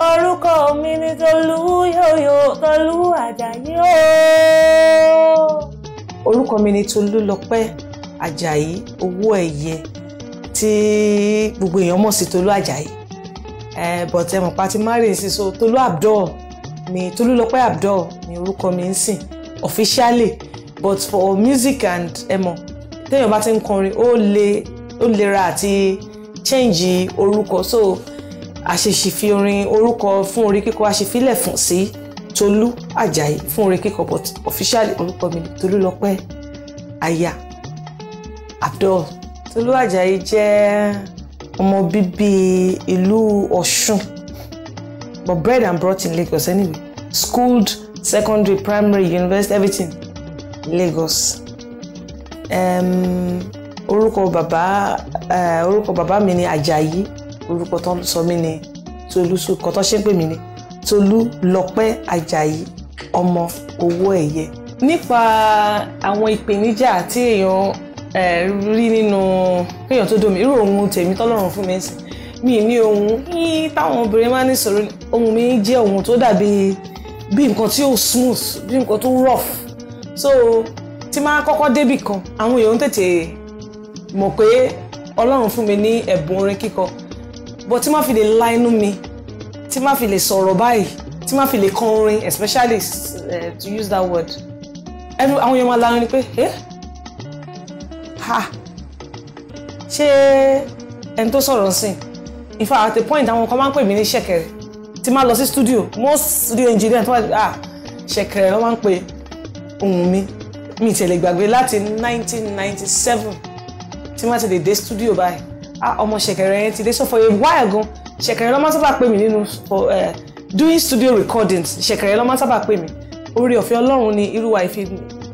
orúkọ mi ni Tolúyọ̀yọ̀ Tolú Àjàyí o. orúkọ mi ni Tolúlọpẹ́ Àjàyí owó ẹ̀yẹ tí gbogbo èèyàn mọ̀ sí Tolú Àjàyí but ẹ mọ̀ pa ti má rèé sí so Tolú Abdul ni Tolúlọpẹ́ Abdul ni orúkọ mi ń sìn officially but for music and ẹ mọ̀ téèyàn bá ti ń kọrin ó lè ó lera àti change orúkọ so àṣeṣì fi orin orúkọ fún orin kíkọ àṣefilẹ̀ fún sí Tolú Àjàyí fún orin kíkọ but officially orúkọ mi ni Tolúlọpẹ́ aya Abdul Tolú Àjàyí jẹ́ ọmọ bíbí ìlú Ọ̀ṣun but bred and brought in Lagos anyway schooled secondary primary university everything Lagos um, orúkọ bàbá uh, orúkọ bàbá mi ni Àjàyí orúkọ tó ń sọ mí ni Tolú sùkọ́ tó ṣe ń pè mí ni Tolú Lọ́pẹ́ Ajayi ọmọ owó ẹ̀yẹ. nípa àwọn ìpèníjà tí èèyàn rí nínú kéèyàn tó domi irú ohun tèmi tọ́lọ́run fún mi sìn mi ní ohun yín táwọn obìnrin máa ń ní sọ̀rọ̀ ohun mi jẹ́ ohun tó dàbí bí nǹkan tí ó smooth bí nǹkan tó rough so tí máa kọ́kọ́ débì kan àwọn èèyàn tètè mọ̀ pé Ọlọ́run fún mi ní ẹ̀bùn orin kíkọ but tí má fi lè la inú mi tí má fi lè sọ̀rọ̀ báyìí tí má fi lè kọ orin especially uh, to use that word every àwọn èèyàn máa la orin pé ẹ eh? ha ṣé ẹni tó sọ̀rọ̀ sìn in fact at the point àwọn kan máa ń pè mí ní ṣẹ̀kẹ̀rẹ̀ tí má lọ sí studio most studio engineer tó wà ah ṣẹ̀kẹ̀rẹ̀ ló máa ń pè ohùn mi mi ìtẹ̀lẹ̀ gbàgbé láti 1997 tí má ti lè dé studio báyìí Ah, ọmọ ṣẹ̀kẹ̀rẹ̀ yẹn ti dé so for a while gan ṣẹ̀kẹ̀rẹ̀ ló máa sábà pè mí nínú eh, doing studio recordings ṣẹ̀kẹ̀rẹ̀ ló máa sábà pè mí orí ọ̀fẹ́ ọlọ́run ni irú wa ìfi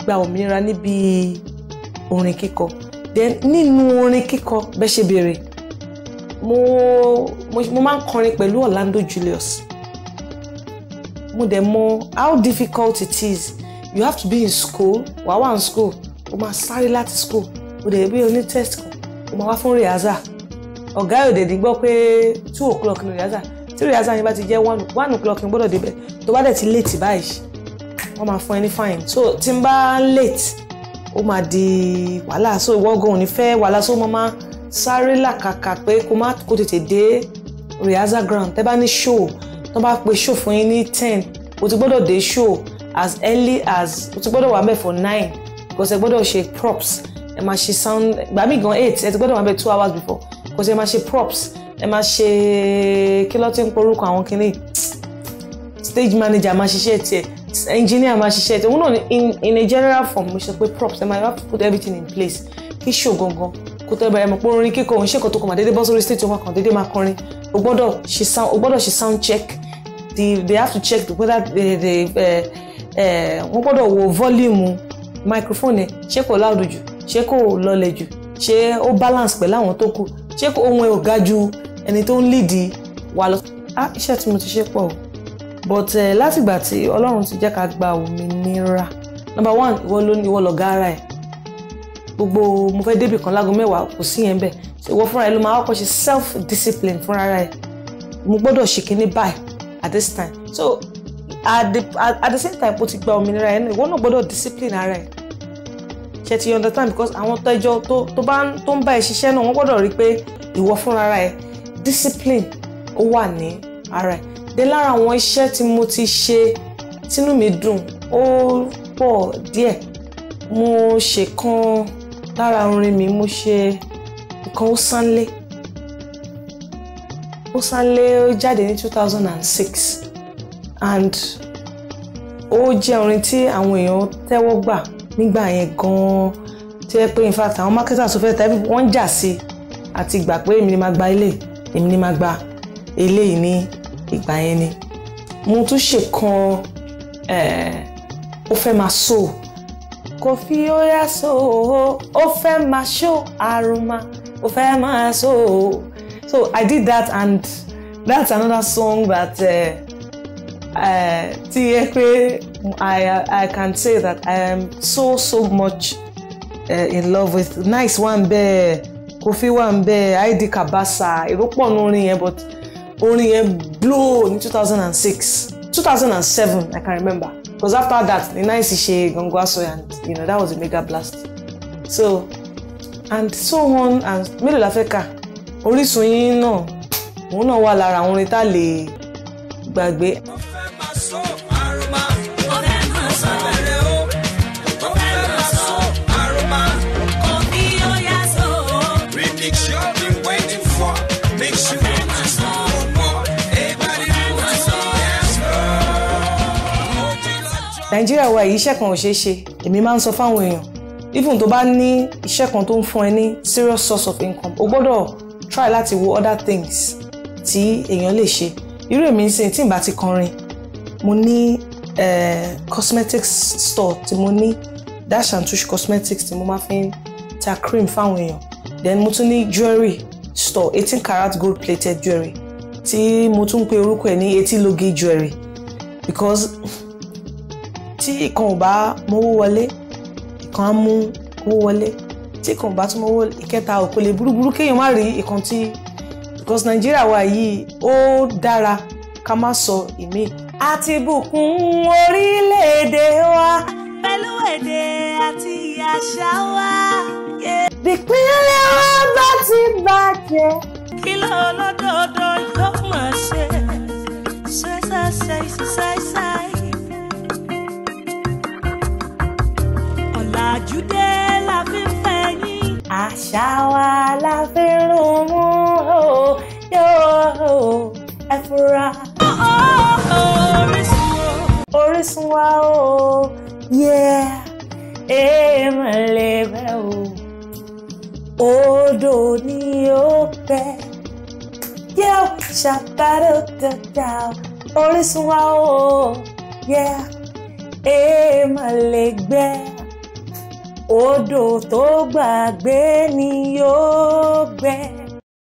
gba òmìnira níbi orin kíkọ then nínú orin kíkọ bẹ́ẹ̀ ṣe béèrè mo mo máa ń kọrin pẹ̀lú Orlando Julius mo dẹ̀ mọ how difficult it is you have to be in school wàá wà in school o máa sáré láti school o dẹ̀ bí o test kan o máa wá fún rehearsal ọ̀gá òdèdí gbọ́ pé two o'clock ní rìhásà tí rìhásà yẹn bá ti jẹ́ one one o'clock ní gbọ́dọ̀ débẹ̀ tó bá dẹ̀ ti late báyìí wọ́n máa fún ẹ fine so tí n bá late ó máa di wàhálà so ìwọ gan ò ní fẹ́ wàhálà so mo máa sáré làkàkà pé kó má kó tètè dé rìhásà ground tẹ́ bá ní show tó bá pe show fún yín ní ten o ti gbọ́dọ̀ dé show as early as o ti gbọ́dọ̀ wà bẹ̀ for nine because ẹ gbọ́dọ̀ ṣe props ẹ máa ṣe sound gbàmí gan eight ẹ ti gbọ́dọ̀ wà bẹ̀ two hours before kò sí ẹ máa ṣe props ẹ máa ṣe kí ló ti ń porúkọ àwọn kinní stage manager máa ṣiṣẹ́ tiẹ̀ engineer máa ṣiṣẹ́ tiẹ̀ òun náà in in a general form mo ṣe pé props ẹ máa have to put everything in place kí ṣò gangan kó tó ẹ bẹ̀rẹ̀ mọ̀ pé orin kíkọ òun ṣèkọ̀ tó kọ̀ máa dédé bọ́ sórí stage wọn kàn dédé máa kọrin o gbọ́dọ̀ ṣe sound o gbọ́dọ̀ sound check the they have to check the whether the the eh, eh, wọ́n gbọ́dọ̀ wo volume microphone ẹ̀ ṣé kò loud jù ṣé kò lọlẹ̀ jù ṣé ó balance pẹ̀lú àwọn tó kù ṣé ohun ẹ̀ ò ga ju ẹni tó ń lídìí wa lọ. á ah, iṣẹ́ tí mo ti ṣe pọ̀ but uh, eh, látìgbà tí ọlọ́run ti jẹ́ ká gba òmìnira number one ìwọ ló ní ìwọ lọ̀gá ara ẹ̀ gbogbo mo fẹ́ débì kan láago mẹ́wàá kò sí yẹn bẹ́ẹ̀ so ìwọ fúnra ẹ ló máa kọ́ ṣe self discipline fúnra ẹ mo gbọ́dọ̀ ṣe kinní báyìí at this time so at the, at, at the same time bó ti gba òmìnira ẹ náà ìwọ náà gbọ́dọ̀ discipline ara ẹ ṣe ti understand because àwọn tẹjọ tó tó bá tó ń bá ẹ ṣiṣẹ́ náà wọ́n gbọ́dọ̀ rí pé ìwọ fúnra ẹ discipline ó wà ní ara ẹ dé lára àwọn iṣẹ́ tí mo ti ṣe tínú mi dùn ó pọ̀ díẹ̀ mo ṣe kan lára orin mi mo ṣe nǹkan ó sánlé ó sánlé ó jáde ní two thousand and six and ó jẹ́ orin tí àwọn èèyàn tẹ́wọ́ gbà nígbà yẹn gan-an tí wọ́n pé in fact àwọn marketers fẹ́ ta wọ́n ń jà sí àti gbà pé èmi ni máa gba ilé èmi ni máa gba eléyìí ní ìgbà yẹn ni mo tún ṣe ó fẹ́ máa so kò fi ó yá so ó fẹ́ máa ṣó àrùnmá ó fẹ́ máa so so I did that and that's another song that. Uh, uh, I, I can say that I am so, so much uh, in love with nice one bẹ́ẹ̀ Kofi One ń bẹ́ẹ̀ ID Kabasa ìrópọ̀ only orin but only yẹn blow in 2006, 2007. I can remember because after that the nice ṣe Gangu and you know, that was a mega blast so and so on and mélòó la Only so you know, one òun náà wà lára àwọn orin gbàgbé. nàìjíríà wa yìí iṣẹ́ kan ò ṣeé ṣe èmi máa ń sọ fáwọn èèyàn even tó bá ní iṣẹ́ kan tó ń fún ẹ ní serious source of income o gbọ́dọ̀ try láti wo other things tí èèyàn lè ṣe irú èmi ń sìn tí n bá ti kọrin mo ní cosmetics store tí mo ní dash and touch cosmetics tí mo máa fi ń ta cream fáwọn èèyàn then mo tún ní jewelry store eighteen karat gold plated jewelry tí mo tún pe orúkọ ẹ̀ ní etí logi jewelry because tí ìkan ò bá mówó wọlé ìkan á mú owó wọlé tí ìkan ò bá tún mówó ìkẹta ò lè burúburú kéèyàn má rí ìkan tí because Nàìjíríà wa yìí ó dára ká má sọ ìmí. àti bùkún orílẹ̀-èdè wa pẹ̀lú èdè àti àṣà wa. ìpínlẹ̀ wa bá ti bàjẹ́. kí ló lọ́dọọdọ yóò mọ̀ ṣe ṣe ṣe ṣe ṣe ṣe. Shawala felumu yo Oh, oh, oh, oh, oh, oh, oh, oh, oh, yeah oh, oh, odò ni oh, pẹ́ yẹ ṣàbàdò oh, orísun wa oh, yeah oh, odò tó gbàgbé ni yóò gbẹ.